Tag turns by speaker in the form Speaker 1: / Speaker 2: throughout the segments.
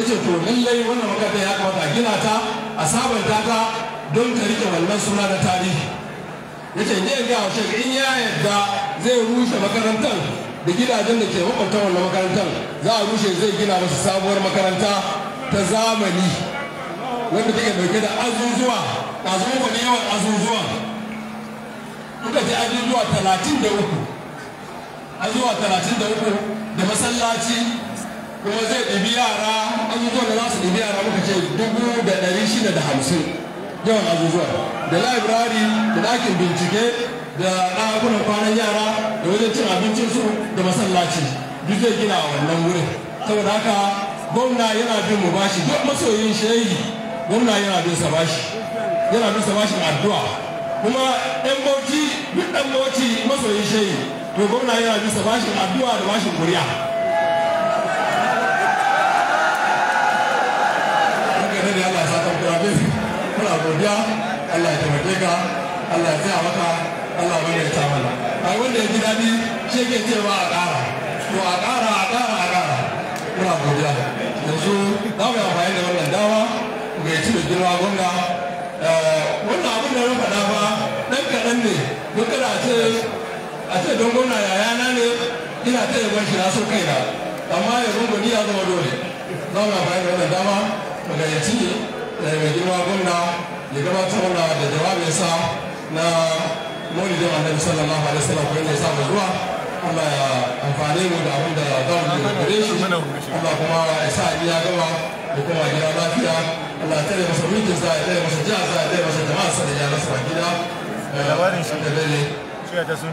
Speaker 1: ce to lallai wannan makata ya kamata a gina ta a sabanta ta don ka rike wannan suna na tarihi ya ce ne ga wasu in ya yadda zai rushe makarantar da gidajen da ke makwabta wannan makarantar za a rushe zai gina wasu sabuwar makaranta ta zamani wanda take dauke da azuzuwa ɗazu ne yawan azuzuwa kuka ji azuzuwa talatin da uku azuzuwa talatin da uku da masallaci kuma zai ɗibi yara abubuwan da za su ɗibi yara muka ce dubu da ɗari shida da hamsin yawan abubuwa da library da ɗakin bincike da ɗakunan kwanan yara da wajen cin abincin su da masallaci duk zai gina a wannan wurin saboda haka gwamna yana bin mu bashi duk masoyin shehi gwamna yana bin sa bashi yana bin sa bashin
Speaker 2: addu'a kuma ɗan bauchi duk ɗan bauchi masoyin shehi to gwamna yana
Speaker 3: bin sa bashin addu'a da bashin kuriya godiya Allah ya
Speaker 4: taimake ka Allah ya tsaya maka Allah ya bane ta mana ai wanda ya ji daɗi shi yake cewa a ƙara to a ƙara a ƙara a ƙara muna godiya yanzu
Speaker 1: za mu yi amfani da wannan dama mu gaici da girma gwamna eh, wannan abin da na faɗa ba ɗan kaɗan ne duk kada a ce a ce don gwamna na ne ina ta yabon shi na so kaina amma ya gwani ya zama dole za mu yi amfani da wannan dama mu gayyaci da eh, mai girma gwamna ya gabatar da da sa na maulidin annabi sallallahu alaihi wasallam ko inda ya samu zuwa Allah ya amfane mu da abin da za mu shi Allah kuma ya sa ya gama da kuma gida lafiya Allah ya tare masa mulkin sa ya tare masa sa ya tare masa jama'a sa
Speaker 2: da gida eh, labarin shi da dare shi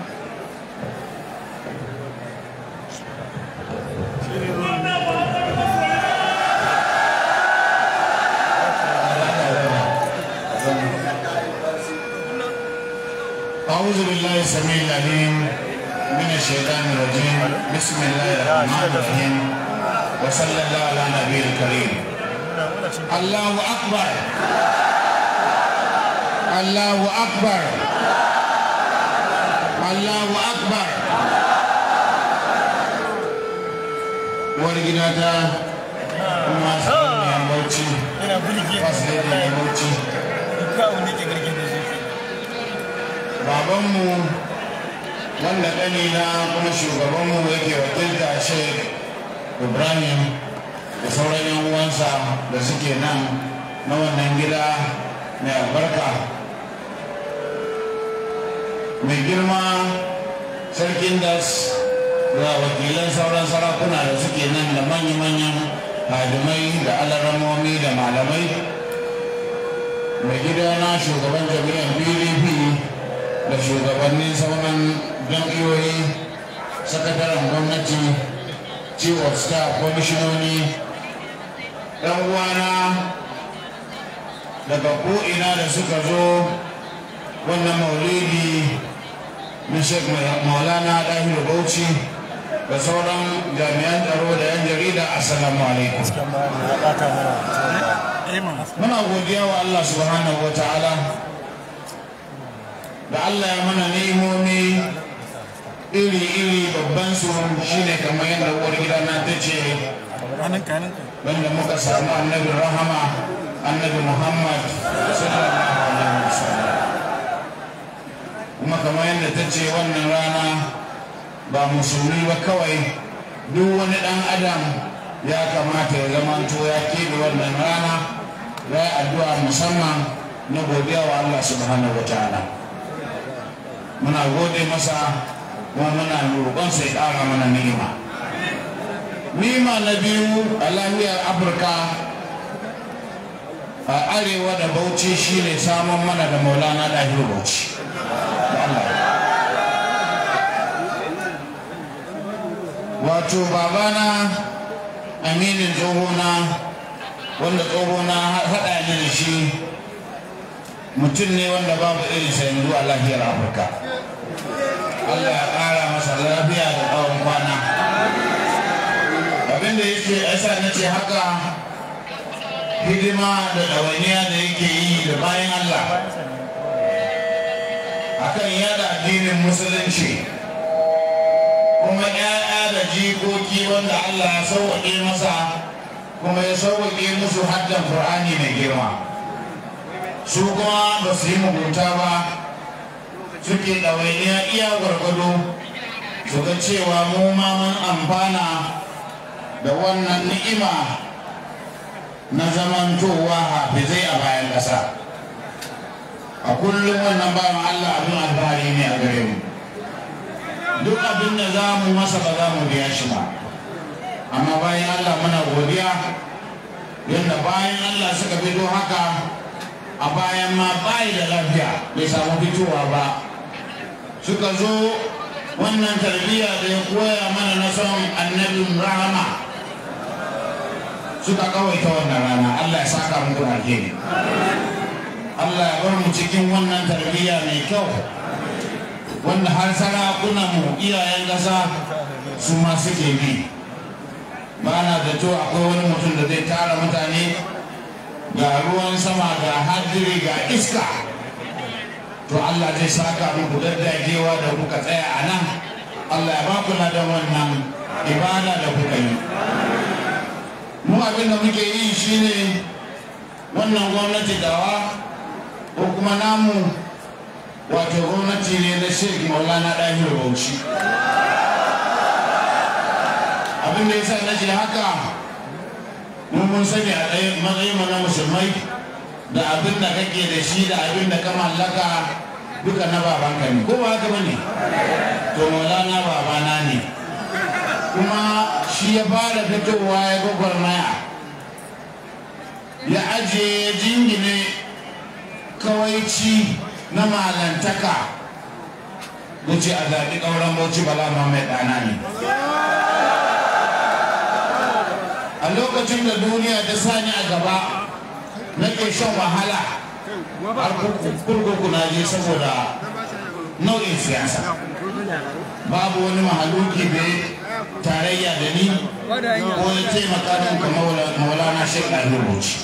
Speaker 3: أعوذ بالله السميع العليم من الشيطان الرجيم بسم الله الرحمن الرحيم وصلى الله على النبي الكريم الله أكبر الله أكبر الله أكبر warginata masu yammaci fasilin yammaci duka wani ke gargin da zuke babanmu wanda ɗani na kuma shugabanmu yake wakilta sheik ibrahim da sauran yan uwansa da suke nan na wannan gida mai albarka mai girma sarkin das da wakilan sauran sarakuna da suke nan da manya-manyan hadimai da alaramomi da malamai mai gida na shugaban jami'an pdp da shugabanni sauran jam'iyoyi sakataren gwamnati chief of staff kwamishinoni dan uwana daga ko'ina da suka zo wannan maulidi na sheikh maulana ɗahiru bauchi da sauran jami'an tsaro da yan jarida assalamu alaikum muna godiya wa allah subhanahu wa ta'ala da Allah ya mana ni'imomi iri-iri babban su shine kamar yadda uwar gida na ta ce wanda muka samu annabi rahama annabi muhammad sallallahu alaihi kuma kamar yadda ta ce wannan rana ba musulmi ba kawai duk wani dan adam ya kamata ya zama ya keɓe wannan rana ya addu'a musamman na godiya wa Allah subhanahu wa ta'ala muna gode masa kuma muna roƙon sai ƙara mana ni'ima ni'ima na biyu a lahiyar afirka a arewa da bauchi shine samun mana da maulana ɗahiro bauchi wato babana aminin tsohona wanda tsohona haɗa ni da shi mutum ne wanda babu irin sa yanzu a lafiyar afirka allah ya ƙara masa lafiya da tsawon kwana abinda yake yasa na ce haka hidima da ɗawainiya da yake yi da bayan allah akan yada addinin musulunci kuma 'ya'ya da jikoki wanda allah ya sauwaƙe masa kuma ya sauwaƙe musu haddan Kur'ani mai girma su kuma ba su yi mugunta ba suke ɗawainiya iya gwargwado su ga cewa mu ma mun amfana da wannan ni'ima na zamantowa hafizai a bayan ƙasa a kullum wannan bayan Allah abin alfahari ne a gare mu duk abin da za mu masa ba za mu biya shi ba amma bayan Allah muna godiya yadda bayan Allah suka fito haka a bayan ma bayi da lafiya bai samu fitowa ba suka zo wannan tarbiyya da ya koya mana na son annabin rahama suka kawaita wannan rana Allah ya saka muku alheri Allah ya bar mu cikin wannan tarbiyya mai kyau wanda har sarakuna mu iyayen ƙasa su ma suke bi ba na da to akwai wani mutum da zai tara mutane ga ruwan sama ga hadiri ga iska to Allah zai saka muku daddagewa da kuka tsaya a nan Allah ya baku da wannan ibada da kuka yi mu abin da muke yi shine wannan gwamnati dawa ko kuma namu wato gwamnati ne na sheik maulana ɗahir bauchi abin da ya sa haka Mun mun sani a matsayin na musulmai da abin da kake da shi da abin da ka mallaka duka na babanka ne ko ba haka bane to baba babana ne kuma shi ya fara fitowa ya gwagwarmaya ya ajiye jingine kawaici na malantaka da ce a zaɓi ƙauran bauchi bala mai ɗana ne a lokacin da duniya ta sani a gaba nake shan wahala har kurkuku na je saboda nau'in siyasa babu wani mahaluki da tarayya da ni ko ya taimaka min kamar maulana shek ahmed rubuci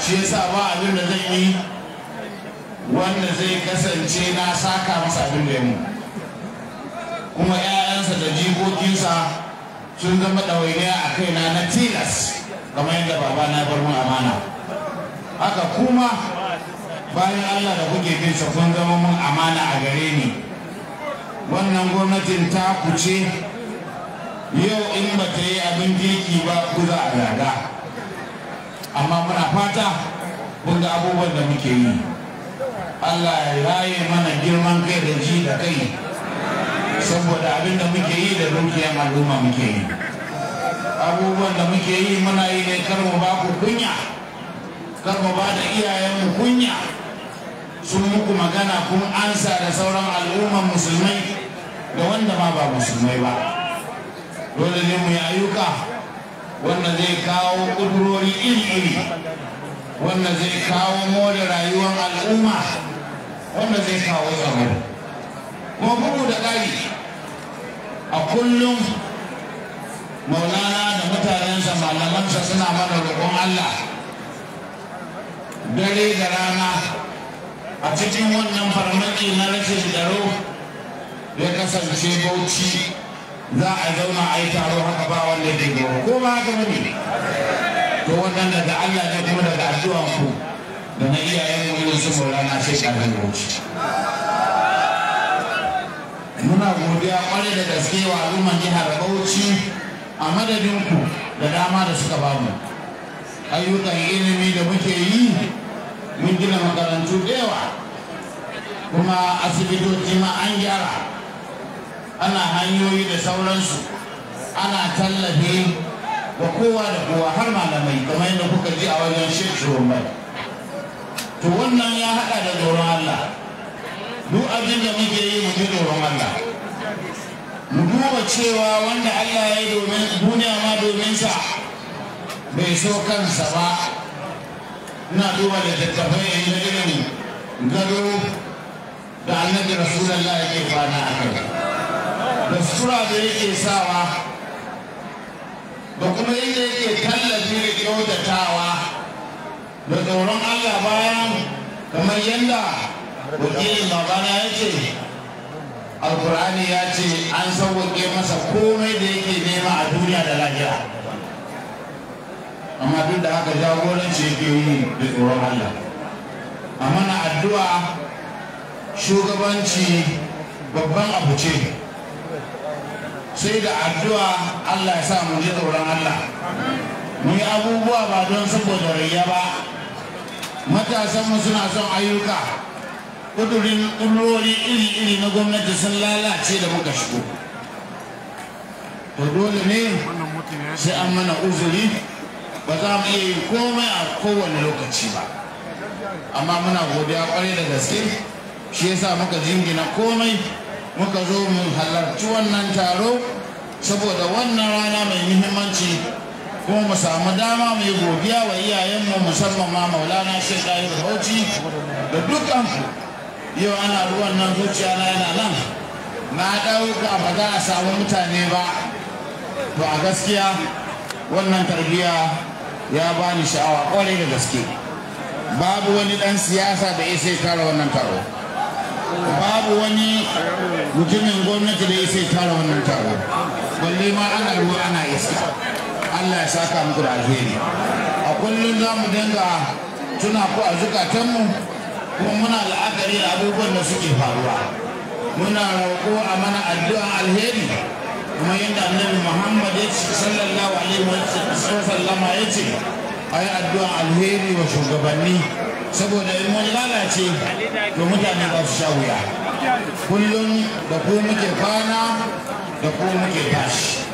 Speaker 3: shi yasa ba abin da zai yi wanda zai kasance na saka masa abin da ya mu kuma 'ya'yansa da jikokinsa sun zama ɗawainiya a kaina na tilas kamar yadda baba na bar mu amana haka kuma bayan Allah da kuke bin sa kun zama mun amana a gare ni wannan gwamnatin ta kuce yau in ba ta yi abin kirki ba ku za a zaga amma muna fata kun ga abubuwan da muke yi Allah ya raye mana girman kai da ji da kai saboda abin da muke yi da dukiyar al'umma muke yi abubuwan da muke yi muna yi ne kar mu ba ku kunya kar mu ba da mu kunya sun muku magana kun ansa da sauran al'umman musulmai da wanda ma ba musulmai ba dole ne mu yi ayyuka wanda zai kawo kudurori iri-iri wanda zai kawo more rayuwar al'umma wanda zai kawo tsaro kuma bugu da ƙari a kullum maulana da mutanensa malamansa suna mana roƙon Allah dare da rana a cikin wannan farmaki na rashin tsaro ya kasance bauchi za a zauna a yi taro haka ba wanda ya dinga ko ba haka mani? to wannan daga Allah ne kuma daga addu'an ku da na iyayen mu irin su maulana sai ƙarfin bauchi muna godiya kwarai da gaske wa al'umman jihar bauchi a madadin ku da dama da suka bamu ayyukan ilimi da muke yi mun gina makarantu da yawa kuma asibitoci ma an gyara ana hanyoyi da sauransu ana tallafi wa kowa da kowa har malamai kamar yadda kuka ji a wajen shekaru mai to wannan ya haɗa da tsoron allah duk abin da muke yi mu ji tsoron Allah mu duba cewa wanda Allah ya yi domin duniya ma domin sa bai so kansa ba ina duba da tattafai yi ga gado da annabi rasulullah yake kwana a kai da sura da yake sawa da kuma inda yake tallafi da kyautatawa da tsoron Allah bayan kamar yadda wakilin babana ya ce
Speaker 2: alkur'ani ya
Speaker 3: ce an sauwaƙe masa komai da yake nema a duniya da lahira amma duk da haka jagoranci yake yi da tsoron allah a mana addu'a shugabanci babban abu ce sai da addu'a allah ya sa mu ji tsoron allah mu yi abubuwa ba don saboda rayya ba matasanmu suna son ayyuka kudurin kulloli iri-iri na gwamnati sun lalace da muka shigo to dole ne sai an mana uzuri ba za mu iya yi komai a kowane lokaci ba amma muna godiya kwarai da gaske shi yasa muka jingina komai muka zo mu halarci wannan taro saboda wannan rana mai muhimmanci kuma mu samu dama mu yi godiya wa iyayenmu musamman ma maulana shekaru da bauchi da dukkan yau ana ruwan nan zuciya na yana nan na ɗauka ba za a samu mutane ba to a gaskiya wannan tarbiyya ya ba ni sha'awa kwarai da gaske babu wani ɗan siyasa da ya sai tara wannan taro babu wani mutumin gwamnati da ya sai tara wannan taro balle ma ana ruwa ana iska Allah ya saka muku da alheri a kullum za mu dinga tuna ku a zukatanmu kuma muna la'akari da abubuwan da suke faruwa muna roƙo a mana addu'a alheri kuma yadda annabi muhammad ya ce sallallahu alaihi wa sallama ya ce a yi addu'a alheri wa shugabanni saboda in mun lalace to mutane ba su sha kullum da ku muke kwana da ku muke tashi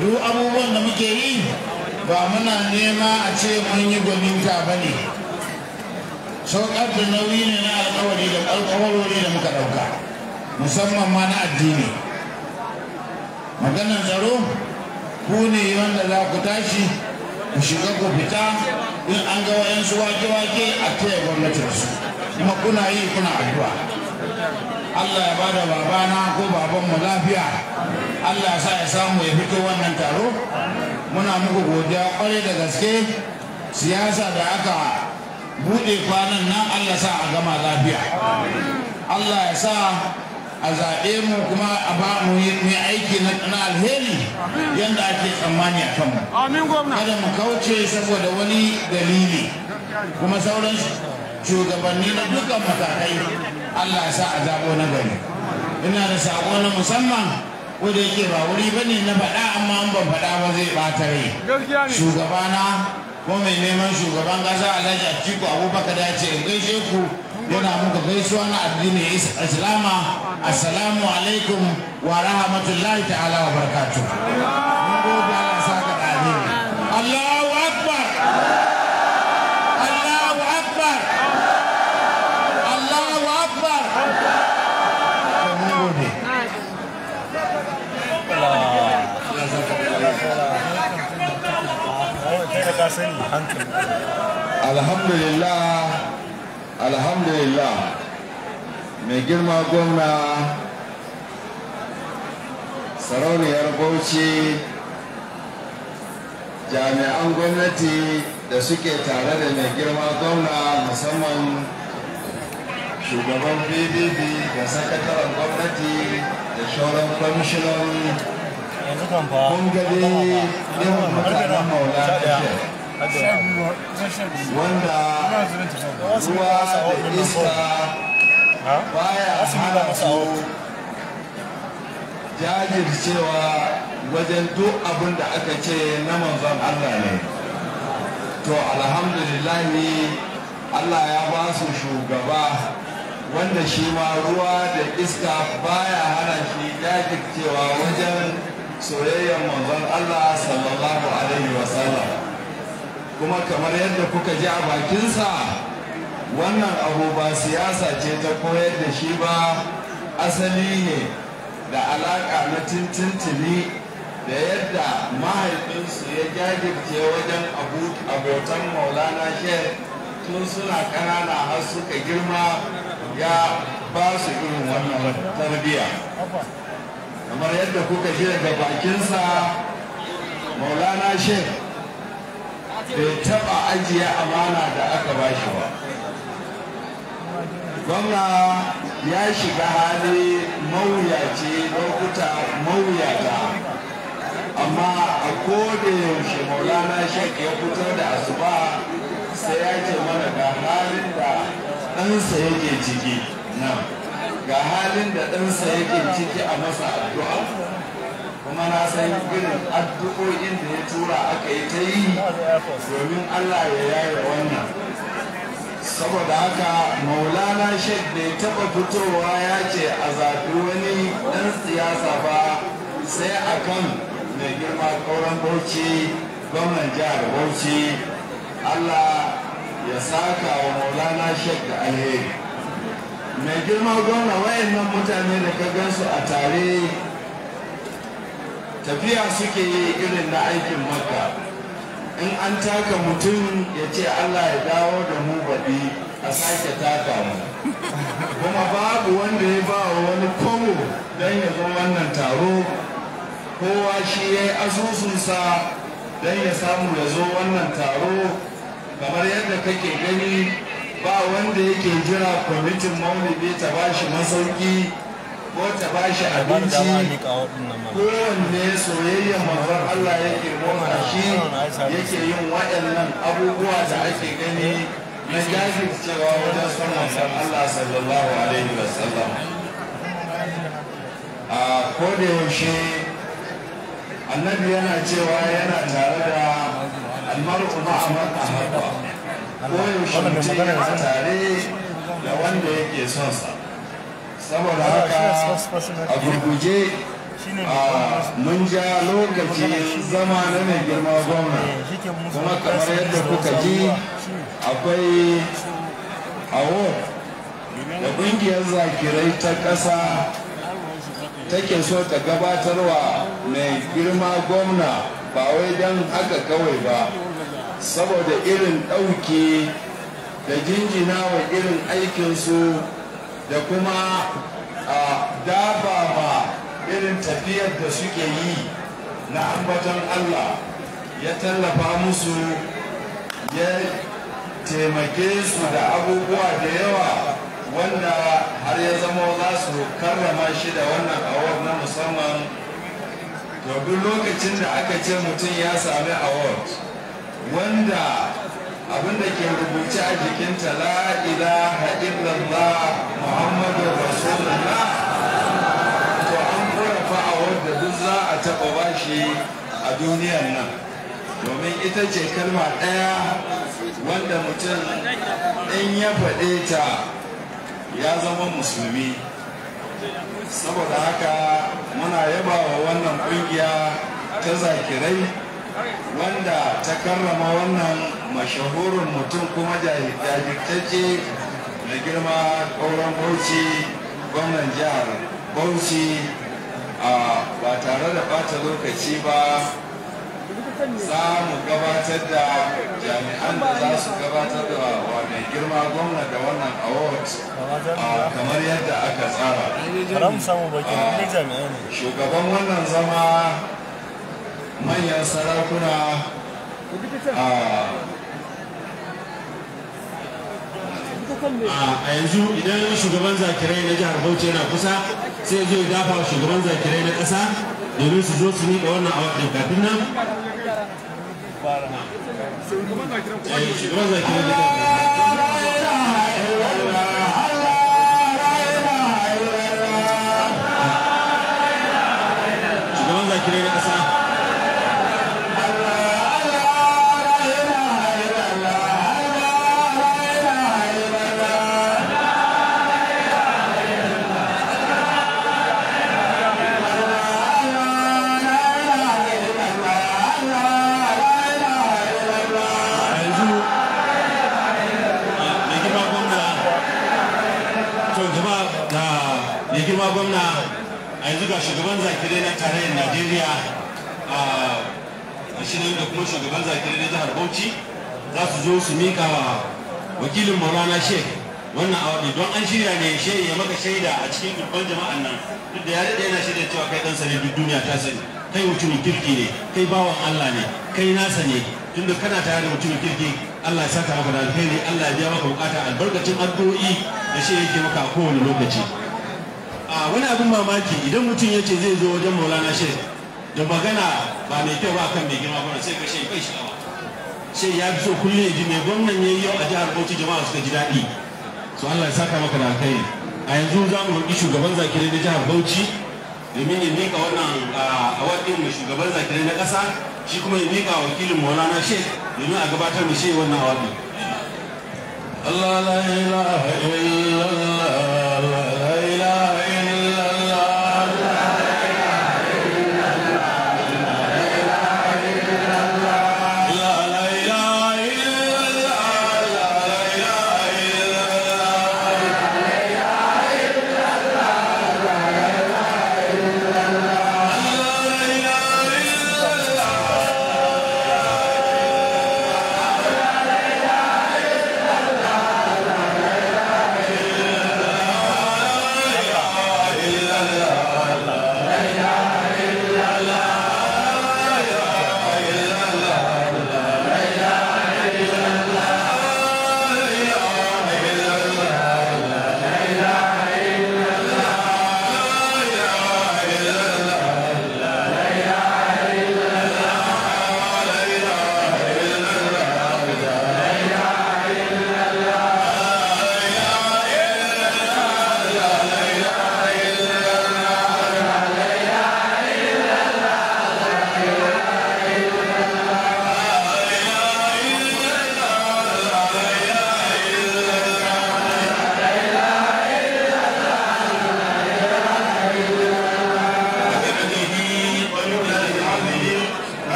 Speaker 3: duk abubuwan da muke yi ba muna nema a ce mun yi gwaninta ba ne saukar da nauyi ne na alkawari da alkawarori da muka ɗauka musamman ma na addini maganar tsaro ku ne wanda za ku tashi ku shiga ku fita in an ga wayansu wake-wake a taya gwamnatinsu kuma kuna yi kuna addu'a Allah ya bada babana ko babanmu lafiya Allah sa ya samu ya fito wannan taro muna muku godiya kwarai da gaske siyasa da aka buɗe kwanan nan Allah sa a gama lafiya Allah ya sa a zaɓe mu kuma a ba mu mai aiki na alheri yadda ake tsammani a kanmu kada mu kauce saboda wani dalili kuma sauran shugabanni na dukkan matakai Allah ya sa a zaɓo na gari ina da saƙo na musamman wanda yake ba wuri bane na faɗa amma an ban faɗa ba zai ɓata rai shugabana ko mai neman shugaban kasa alhaji atiku abubakar ya ce in gaishe ku yana muka gaisuwa na addini islama assalamu alaikum wa rahmatullahi ta'ala wa barakatuh
Speaker 1: ka sani hankali alhamdulillah mai girma gwamna sarauniyar bauchi jami'an gwamnati da suke tare da mai girma gwamna musamman shugaban bbb da sakataren gwamnati da shauran kwamishinan yanzu kan fa kun wanda ruwa
Speaker 4: da iska baya hana
Speaker 1: su jajircewa wajen duk abin da aka ce na manzon Allah ne to alhamdulillahi Allah ya ba su shugaba wanda shi ma ruwa da iska baya hana shi jajircewa wajen soyayyar manzon Allah sallallahu alaihi wasallam kuma kamar yadda kuka ji a bakinsa wannan abu ba siyasa ce ta koyar da shi ba asali ne da alaƙa na tintintini da yadda mahaifinsu ya jajirce wajen abotan maulana shek tun suna ƙanana har suka girma ya ba su irin wannan tarbiyya kamar yadda kuka ji daga bakinsa maulana shek bai taba ajiye amana da aka ba shi ba gwamna ya shiga hali mawuyaci lokuta mawuyata amma a yaushe maulana shek ya fitar da asuba sai ya ce mana ga halin da ɗansa yake ciki nan ga halin da ɗansa yake ciki a masa addu'a kuma na san irin addu'o'in da ya tura aka yi ta yi domin Allah ya yaya wannan saboda haka maulana shek bai taɓa fitowa ya ce a zaɓi wani ɗan siyasa ba sai a kan mai girma ƙauran bauchi gwamnan jihar bauchi Allah ya saka wa maulana shek da alheri mai girma gona wayannan mutane da ka gansu a tare tafiya suke yi irin na aikin maka. in an taka mutum ya ce allah ya dawo da mu baɗi a sake taka mu kuma babu wanda ya ba wani komo don ya zo wannan taro kowa shi ya yi asusunsa don ya samu ya zo wannan taro kamar yadda kake gani ba wanda yake jira kwamitin maulidi ta ba shi masauki ko ta ba shi abinci kowanne soyayya manzon Allah yake goma shi yake yin waɗannan abubuwa da ake gani eh. na cewa wajen son san Allah sallallahu alaihi wasallam a kodayaushe annabi yana cewa yana tare da almar'u ma'a man koyaushe mutum zama tare da wanda yake son sa saboda haka a gurguje
Speaker 4: mun ja lokaci zama na mai girma gwamna
Speaker 1: kuma kamar yadda kuka ji akwai award da ƙungiyar zakirai ta ƙasa take so ta gabatarwa mai girma gwamna ba wai don haka kawai ba saboda irin ɗauke da jinjina wa irin aikinsu da kuma dafa ba irin tafiyar da suke yi na ambaton Allah ya tallafa musu ya taimake su da abubuwa da yawa wanda har ya zama za su karrama shi da wannan awar na musamman to duk lokacin da aka ce mutum ya sami award wanda abinda ke rubuce a jikinta la ilaha illallah muhammadu rasulullah to an kura a da duk za a taɓa bashi a duniyar nan domin ita ce kalma ɗaya wanda mutum in ya faɗe ta ya zama musulmi saboda haka muna yaba wa wannan ƙungiya ta zakirai wanda ta karrama wannan mashahurin mutum kuma jajirtacce da girma kauran bauchi gwamnan jihar bauchi ba tare da bata lokaci ba za mu gabatar da jami'an da za su gabatar da wa mai girma gwamna da wannan award kamar yadda aka tsara shugaban wannan zama manyan sarakuna
Speaker 2: a yanzu idan shugaban zakirai na jihar bauchi yana kusa sai zai dafa shugaban zakirai na ƙasa domin su zo su miƙa wannan awa ɗin kafin nan eh, shugaban zakirai na shugaban zakirai na tarayyar najeriya a shirin da kuma shugaban zakirai na jihar bauchi za su zo su mika wa wakilin maulana sheikh wannan aure don an shirya ne shehi ya maka shaida a cikin dubban jama'an nan duk da ya daɗe yana shaida cewa kai ɗansa ne duk duniya ta sani kai mutumin kirki ne kai bawan allah ne kai nasa ne tunda kana tare da mutumin kirki allah ya saka maka da alheri allah ya biya maka bukata albarkacin addu'o'i da shi yake maka a kowane lokaci a wani abin mamaki idan mutum ya ce zai zo wajen maulana shi da magana ba mai kyau ba kan mai girma gwamna sai ka shi bai shi sai ya fi so kullum ya ji mai gwamnan ya yi yau a jihar bauchi jama'a suka ji daɗi su allah ya saka maka da kai a yanzu za mu roƙi shugaban zakirai na jihar bauchi domin ya miƙa wannan waɗin mai shugaban zakirai na ƙasa shi kuma ya miƙa wakilin maulana shi domin a gabatar da shi wannan awaɗin Allah la ilaha illallah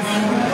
Speaker 4: Yes.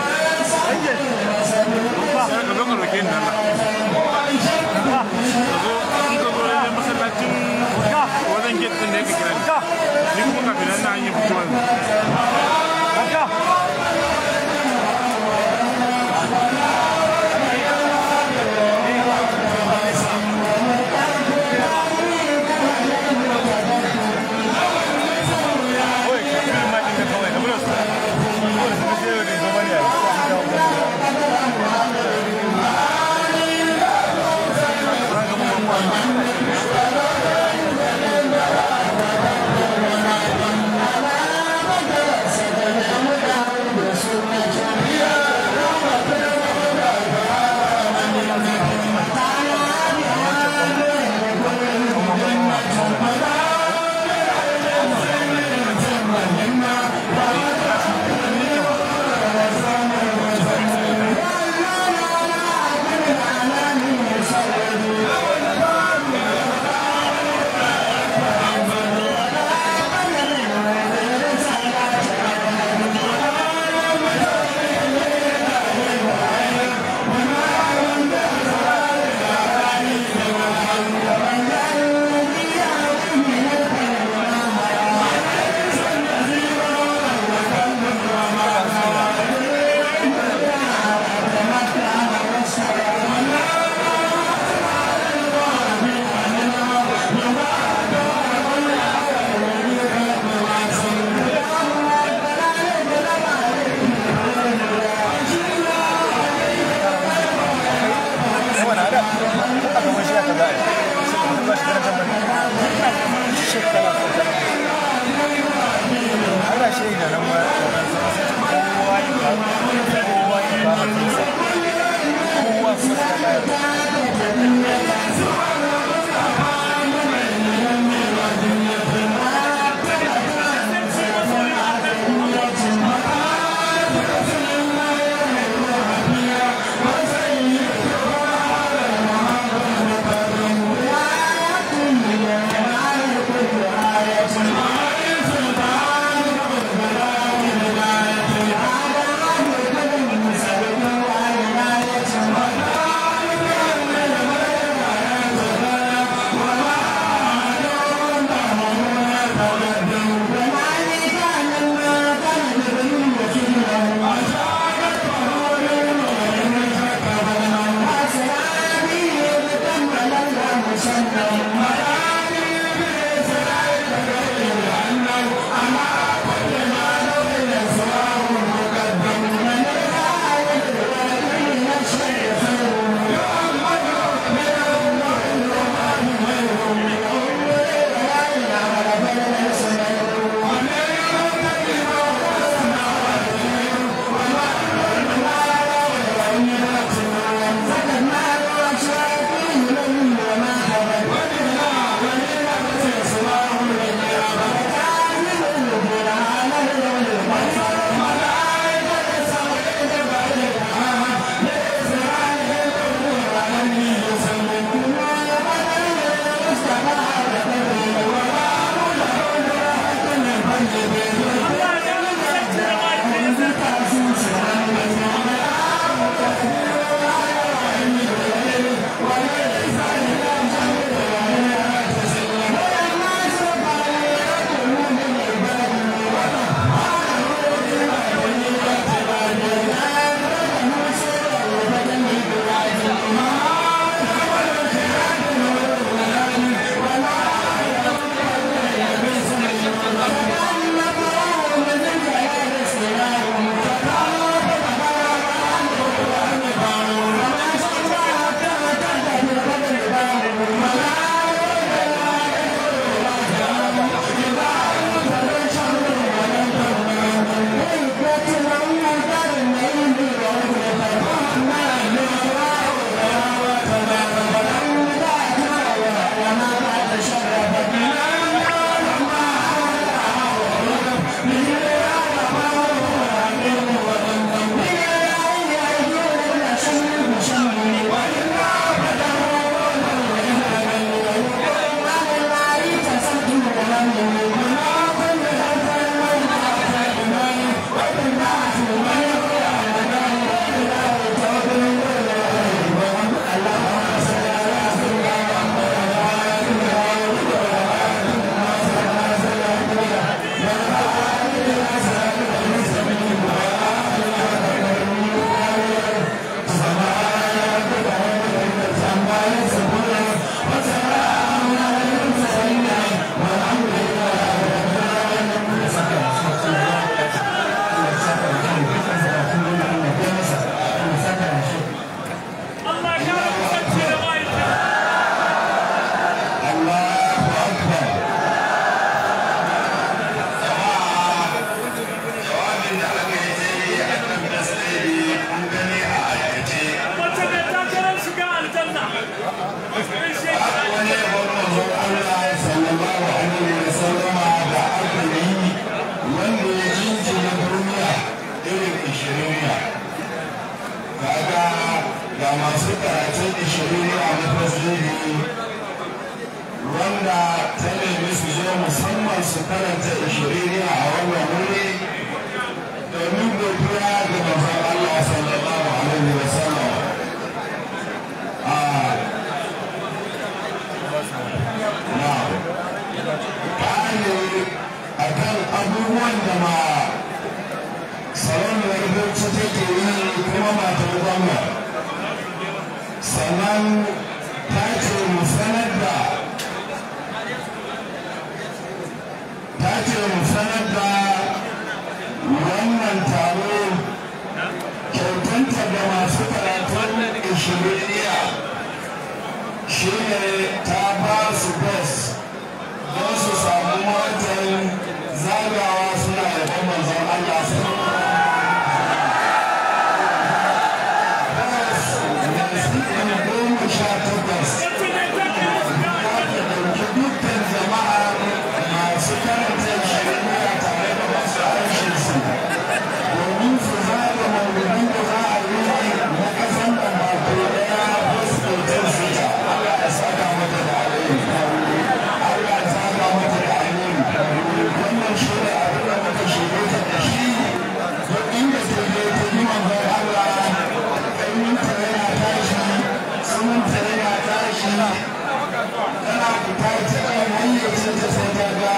Speaker 1: gona tana fita ta yin hayyacin ta sai ta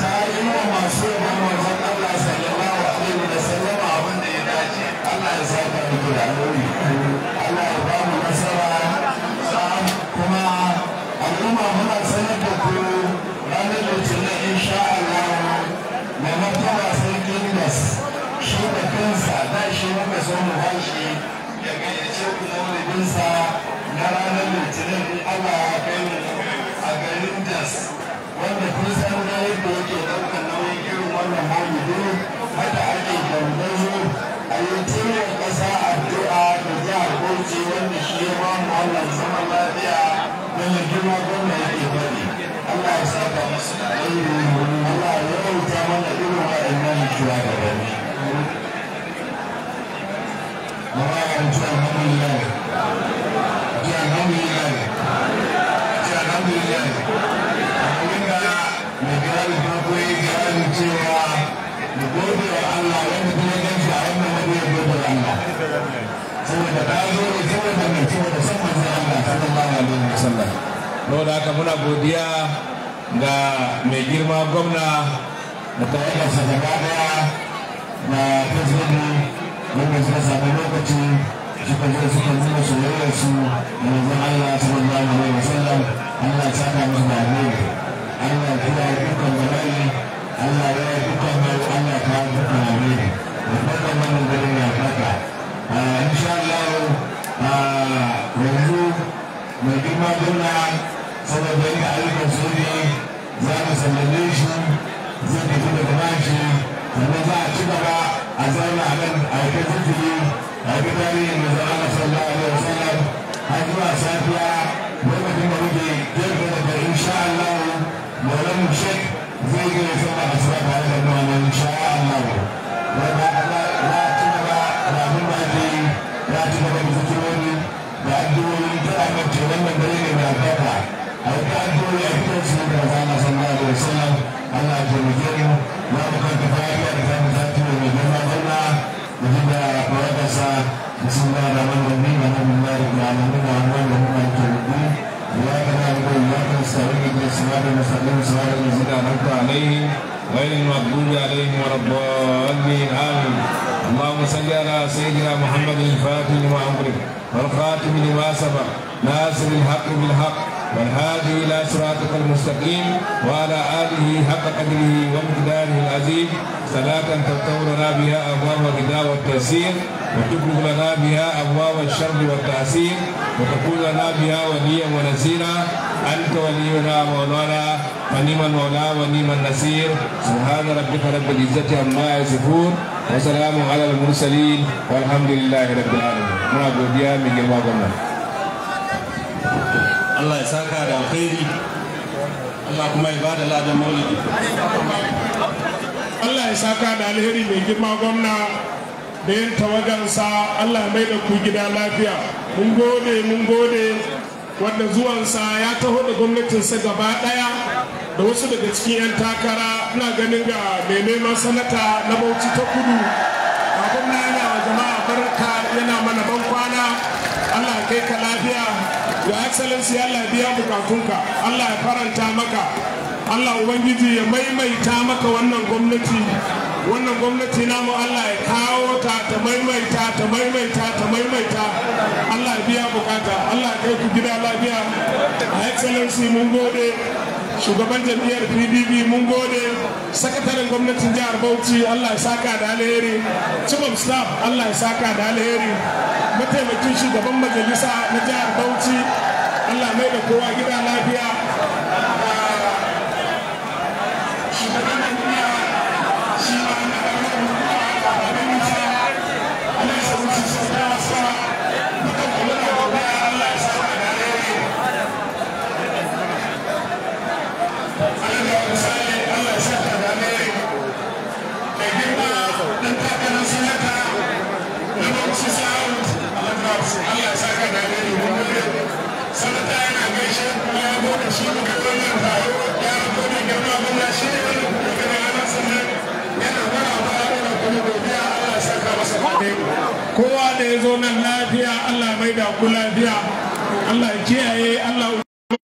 Speaker 1: ta yi ma masu yaba wajen Allah sallallahu alaihi wa sallam abin da ya dace Allah ya sa saka muku da alheri Allah ya ba mu nasara kuma al'umma muna sanar da ku ranar litinin insha Allah maimakon wasan Guinness shi da kansa da shi muka so mu
Speaker 4: bashi ya gayyace ku na maulidinsa na ranar litinin allah ya kai mu a garin das wanda kun san da yadda yake ɗaukar nauyin irin wannan mawudu haka ake gambazo a yi tilar ƙasa addu'a da jihar bauchi wanda shi ya ba mu wannan zaman lafiya na ligima gwamna yake bari allah ya saka musu da allah ya yawuta mana irin waɗannan shugabanni Alhamdulillah. alhamdulillah ce a
Speaker 1: wannan wani ya gode saboda haka muna godiya ga mai girma gwamna
Speaker 4: da tarayyarsa gaba daya na ta zo ne wanda lokaci suka je suka nuna soyayyar su da manzon Allah sallallahu alaihi wasallam Allah ya saka musu da alheri Allah ya kiyaye dukkan bala'i Allah
Speaker 1: ya yi dukkan mai Allah ta yi dukkan alheri da fatan wannan gari ya fata insha Allah
Speaker 4: yanzu mai girma dole saboda yin ayyukan su ne za mu sallame shi zai tafi daga nashi sannan za a ci gaba a zauna a nan a yi ta hakimari manzo Allah sallallahu alaihi wasallam har zuwa safiya lokacin da muke jirgin da insha Allah malam shek zai gina sama a sura tare da mu insha Allah wanda Allah ya ci gaba da abin da ake yi ya ci gaba da zikirori da addu'o'i ta amur ce wannan dare ne mai albarka a wata addu'o'i a cikin su da manzo Allah sallallahu alaihi wasallam Allah ya taimake mu za mu kanta fa'ida da za mu zaki mai girma وجد فوجس بسم الله الرحمن الرحيم الحمد لله رب العالمين الرحمن الرحيم مالك يوم الدين اياك
Speaker 1: نعبد واياك نستعين اهدنا الصراط المستقيم صراط الذين انعمت عليهم غير المغضوب عليهم ولا الضالين امين اللهم صل على سيدنا محمد الفاتح لما امرك والخاتم لما سبق ناصر الحق بالحق والهادي الى صراطك المستقيم وعلى اله حق قدره ومقداره العظيم صلاة تطور لنا بها أبواب الغذاء والتيسير وتغلق لنا بها أبواب الشر والتعسير وتكون لنا بها وليا ونزيرا أنت ولينا مولانا فنعم المولى ونعم النصير سبحان ربك رب العزة عما يصفون وسلام على المرسلين والحمد لله رب العالمين. muna godiya mai girma الله
Speaker 2: Allah ya saka da alkhairi Allah kuma ya
Speaker 3: Allah ya saka da alheri mai girma gwamna da yin tawagansa Allah ya mai da ku gida lafiya mun gode mun gode wanda zuwansa ya taho da gwamnatinsa gaba daya da wasu daga cikin 'yan takara ina ganin ga mai neman sanata na bauchi ta kudu abin na yana wa jama'a barka yana mana ban kwana allah kai ka lafiya ga excellency allah biya bukatunka allah ya faranta maka Allah Ubangiji ya maimaita maka wannan gwamnati wannan gwamnati namu Allah ya kawo ta ta maimaita ta maimaita ta maimaita Allah ya biya bukata Allah ya kai ku gida lafiya a excellency mun gode shugaban jam'iyyar pdp mun gode sakataren gwamnatin jihar bauchi allah ya saka da alheri chief of staff allah ya saka da alheri mataimakin shugaban majalisa na jihar bauchi allah mai da kowa gida lafiya kowa da ya zo nan lafiya Allah mai da ku lafiya Allah kiyaye Allah